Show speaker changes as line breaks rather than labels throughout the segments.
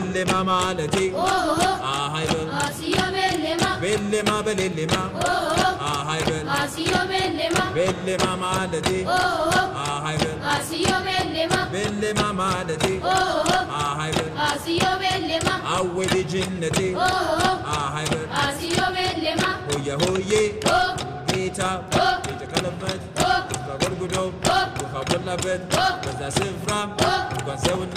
بلما مالتي آهاي بل
آسيو بلما
بلما بلما آهاي بل
آسيو بلما
بلما مالتي آهاي بل
آسيو بلما
بلما مالتي آهاي بل
آسيو بلما
أول جنتي آهاي بل
آسيو بلما
هوي هوي ጌታ ቤተ ከለበት ጉርጉዶ ውሃ ሞላበት በዛ ስፍራ እንኳን ሰውና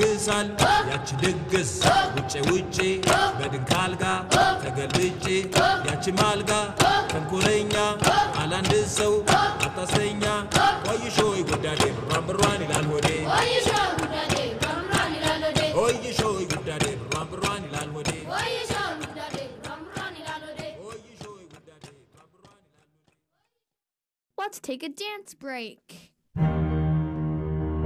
ያግሳል ያቺ ድግስ ውጭ ውጭ በድንክ አልጋ ተገልብጬ ያቺ ማልጋ ተንኮለኛ አላንድ ሰው አታሰኛ ቆይሾይ ጉዳዴ ብሯን ብሯን ይላል ወዴ ቆይሾይ ጉዳዴ ብሯን ብሯን ይላል ወዴ
Let's take a dance break.